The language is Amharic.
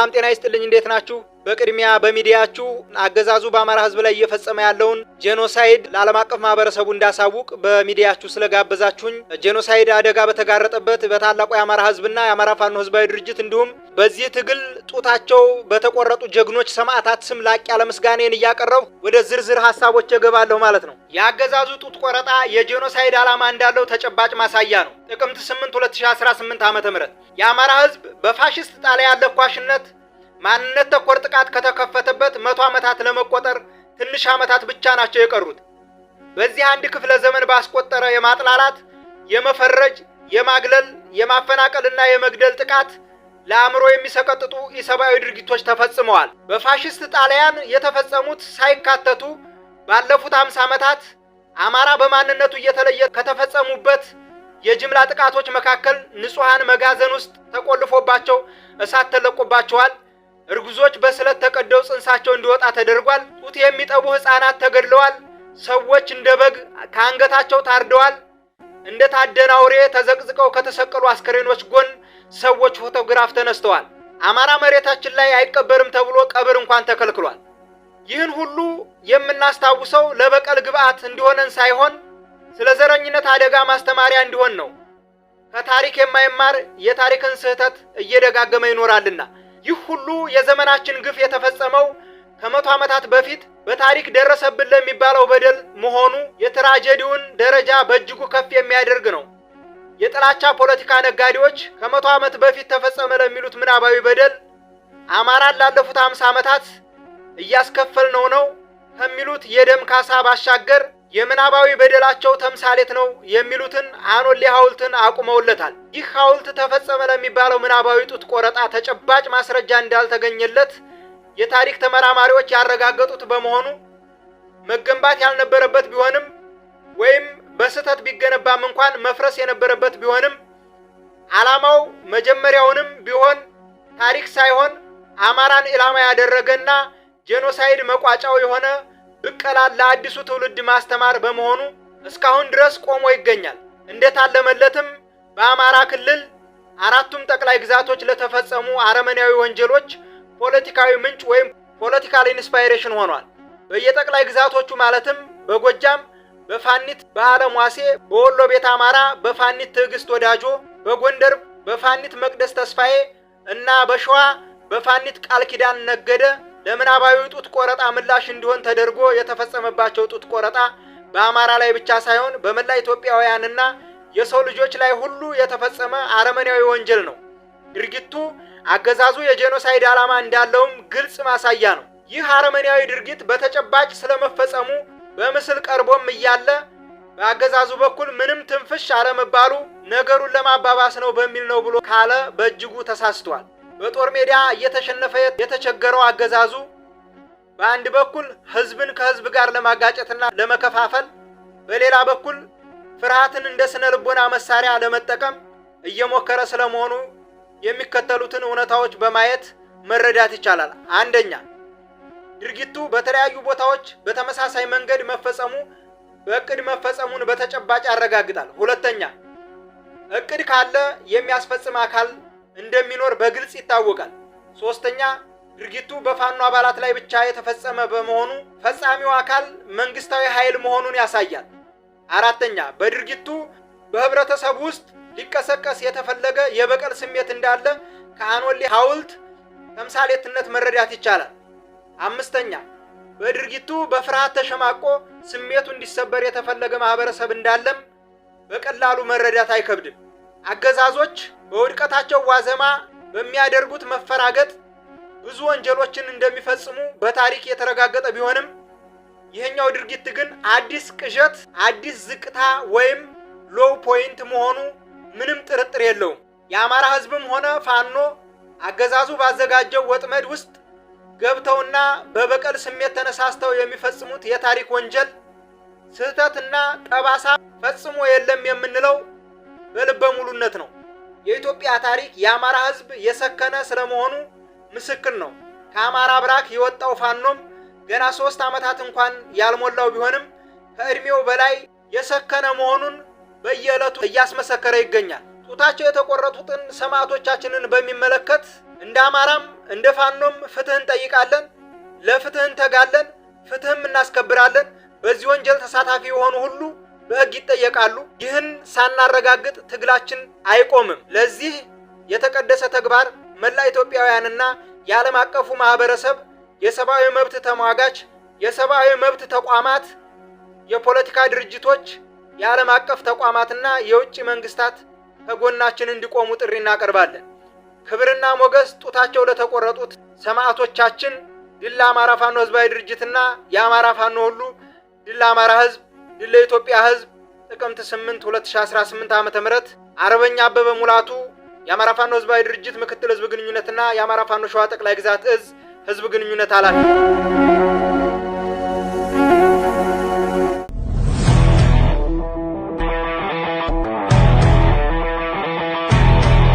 ሰላም ጤና ይስጥልኝ። እንዴት ናችሁ? በቅድሚያ በሚዲያችሁ አገዛዙ በአማራ ህዝብ ላይ እየፈጸመ ያለውን ጄኖሳይድ ለዓለም አቀፍ ማህበረሰቡ እንዳሳውቅ በሚዲያችሁ ስለጋበዛችሁኝ ጄኖሳይድ አደጋ በተጋረጠበት በታላቁ የአማራ ህዝብና የአማራ ፋኖ ህዝባዊ ድርጅት እንዲሁም በዚህ ትግል ጡታቸው በተቆረጡ ጀግኖች ሰማዕታት ስም ላቅ ያለ ምስጋኔን ወደ ዝርዝር ሀሳቦች እገባለሁ ማለት ነው። የአገዛዙ ጡት ቆረጣ የጄኖሳይድ ዓላማ እንዳለው ተጨባጭ ማሳያ ነው። ጥቅምት 8 2018 ዓ ም የአማራ ህዝብ በፋሽስት ጣሊያን ለኳሽነት ማንነት ተኮር ጥቃት ከተከፈተበት መቶ ዓመታት ለመቆጠር ትንሽ ዓመታት ብቻ ናቸው የቀሩት። በዚህ አንድ ክፍለ ዘመን ባስቆጠረ የማጥላላት፣ የመፈረጅ፣ የማግለል፣ የማፈናቀልና የመግደል ጥቃት ለአእምሮ የሚሰቀጥጡ ኢሰብአዊ ድርጊቶች ተፈጽመዋል። በፋሽስት ጣሊያን የተፈጸሙት ሳይካተቱ ባለፉት አምሳ ዓመታት አማራ በማንነቱ እየተለየ ከተፈጸሙበት የጅምላ ጥቃቶች መካከል ንጹሐን መጋዘን ውስጥ ተቆልፎባቸው እሳት ተለቆባቸዋል። እርጉዞች በስለት ተቀደው ጽንሳቸው እንዲወጣ ተደርጓል። ጡት የሚጠቡ ሕፃናት ተገድለዋል። ሰዎች እንደ በግ ከአንገታቸው ታርደዋል። እንደ ታደነ አውሬ ተዘቅዝቀው ከተሰቀሉ አስከሬኖች ጎን ሰዎች ፎቶግራፍ ተነስተዋል። አማራ መሬታችን ላይ አይቀበርም ተብሎ ቀብር እንኳን ተከልክሏል። ይህን ሁሉ የምናስታውሰው ለበቀል ግብዓት እንዲሆነን ሳይሆን ስለ ዘረኝነት አደጋ ማስተማሪያ እንዲሆን ነው። ከታሪክ የማይማር የታሪክን ስህተት እየደጋገመ ይኖራልና ይህ ሁሉ የዘመናችን ግፍ የተፈጸመው ከመቶ ዓመታት በፊት በታሪክ ደረሰብን ለሚባለው በደል መሆኑ የትራጀዲውን ደረጃ በእጅጉ ከፍ የሚያደርግ ነው። የጥላቻ ፖለቲካ ነጋዴዎች ከመቶ ዓመት በፊት ተፈጸመ ለሚሉት ምናባዊ በደል አማራን ላለፉት አምሳ ዓመታት እያስከፈልነው ነው ከሚሉት የደም ካሳ ባሻገር የምናባዊ በደላቸው ተምሳሌት ነው የሚሉትን አኖሌ ሐውልትን አቁመውለታል። ይህ ሐውልት ተፈጸመ ለሚባለው ምናባዊ ጡት ቆረጣ ተጨባጭ ማስረጃ እንዳልተገኘለት የታሪክ ተመራማሪዎች ያረጋገጡት በመሆኑ መገንባት ያልነበረበት ቢሆንም ወይም በስህተት ቢገነባም እንኳን መፍረስ የነበረበት ቢሆንም ዓላማው መጀመሪያውንም ቢሆን ታሪክ ሳይሆን አማራን ኢላማ ያደረገና ጄኖሳይድ መቋጫው የሆነ ብቀላል ለአዲሱ ትውልድ ማስተማር በመሆኑ እስካሁን ድረስ ቆሞ ይገኛል። እንደታለመለትም በአማራ ክልል አራቱም ጠቅላይ ግዛቶች ለተፈጸሙ አረመኔያዊ ወንጀሎች ፖለቲካዊ ምንጭ ወይም ፖለቲካል ኢንስፓይሬሽን ሆኗል። በየጠቅላይ ግዛቶቹ ማለትም በጎጃም በፋኒት በአለም ዋሴ፣ በወሎ ቤት አማራ በፋኒት ትዕግስት ወዳጆ፣ በጎንደር በፋኒት መቅደስ ተስፋዬ እና በሸዋ በፋኒት ቃል ኪዳን ነገደ ለምናባዊ ጡት ቆረጣ ምላሽ እንዲሆን ተደርጎ የተፈጸመባቸው ጡት ቆረጣ በአማራ ላይ ብቻ ሳይሆን በመላ ኢትዮጵያውያንና የሰው ልጆች ላይ ሁሉ የተፈጸመ አረመኔያዊ ወንጀል ነው። ድርጊቱ አገዛዙ የጄኖሳይድ ዓላማ እንዳለውም ግልጽ ማሳያ ነው። ይህ አረመኔያዊ ድርጊት በተጨባጭ ስለመፈጸሙ በምስል ቀርቦም እያለ በአገዛዙ በኩል ምንም ትንፍሽ አለመባሉ ነገሩን ለማባባስ ነው በሚል ነው ብሎ ካለ በእጅጉ ተሳስቷል። በጦር ሜዳ እየተሸነፈ የተቸገረው አገዛዙ በአንድ በኩል ህዝብን ከህዝብ ጋር ለማጋጨትና ለመከፋፈል፣ በሌላ በኩል ፍርሃትን እንደ ስነ ልቦና መሳሪያ ለመጠቀም እየሞከረ ስለመሆኑ የሚከተሉትን እውነታዎች በማየት መረዳት ይቻላል። አንደኛ፣ ድርጊቱ በተለያዩ ቦታዎች በተመሳሳይ መንገድ መፈጸሙ በእቅድ መፈጸሙን በተጨባጭ ያረጋግጣል። ሁለተኛ፣ እቅድ ካለ የሚያስፈጽም አካል እንደሚኖር በግልጽ ይታወቃል። ሶስተኛ ድርጊቱ በፋኖ አባላት ላይ ብቻ የተፈጸመ በመሆኑ ፈጻሚው አካል መንግስታዊ ኃይል መሆኑን ያሳያል። አራተኛ በድርጊቱ በህብረተሰብ ውስጥ ሊቀሰቀስ የተፈለገ የበቀል ስሜት እንዳለ ከአኖሌ ሐውልት ተምሳሌትነት መረዳት ይቻላል። አምስተኛ በድርጊቱ በፍርሃት ተሸማቆ ስሜቱ እንዲሰበር የተፈለገ ማህበረሰብ እንዳለም በቀላሉ መረዳት አይከብድም። አገዛዞች በውድቀታቸው ዋዜማ በሚያደርጉት መፈራገጥ ብዙ ወንጀሎችን እንደሚፈጽሙ በታሪክ የተረጋገጠ ቢሆንም ይህኛው ድርጊት ግን አዲስ ቅዠት፣ አዲስ ዝቅታ ወይም ሎው ፖይንት መሆኑ ምንም ጥርጥር የለውም። የአማራ ህዝብም ሆነ ፋኖ አገዛዙ ባዘጋጀው ወጥመድ ውስጥ ገብተውና በበቀል ስሜት ተነሳስተው የሚፈጽሙት የታሪክ ወንጀል ስህተትና ጠባሳ ፈጽሞ የለም የምንለው በልበ ሙሉነት ነው። የኢትዮጵያ ታሪክ የአማራ ህዝብ የሰከነ ስለመሆኑ ምስክር ነው። ከአማራ ብራክ የወጣው ፋኖም ገና ሶስት ዓመታት እንኳን ያልሞላው ቢሆንም ከእድሜው በላይ የሰከነ መሆኑን በየዕለቱ እያስመሰከረ ይገኛል። ጡታቸው የተቆረጡትን ሰማዕቶቻችንን በሚመለከት እንደ አማራም እንደ ፋኖም ፍትህ እንጠይቃለን፣ ለፍትህ እንተጋለን፣ ፍትህም እናስከብራለን። በዚህ ወንጀል ተሳታፊ የሆኑ ሁሉ በህግ ይጠየቃሉ። ይህን ሳናረጋግጥ ትግላችን አይቆምም። ለዚህ የተቀደሰ ተግባር መላ ኢትዮጵያውያንና የዓለም አቀፉ ማህበረሰብ፣ የሰብአዊ መብት ተሟጋች፣ የሰብአዊ መብት ተቋማት፣ የፖለቲካ ድርጅቶች፣ የዓለም አቀፍ ተቋማትና የውጭ መንግስታት ከጎናችን እንዲቆሙ ጥሪ እናቀርባለን። ክብርና ሞገስ ጡታቸው ለተቆረጡት ሰማዕቶቻችን ድል አማራ ፋኖ ህዝባዊ ድርጅትና የአማራ ፋኖ ሁሉ ድል አማራ ህዝብ ድል ለኢትዮጵያ ህዝብ ጥቅምት 8 2018 ዓ ም አርበኛ አበበ ሙላቱ የአማራ ፋኖ ህዝባዊ ድርጅት ምክትል ህዝብ ግንኙነትና የአማራ ፋኖ ሸዋ ጠቅላይ ግዛት እዝ ህዝብ ግንኙነት ኃላፊ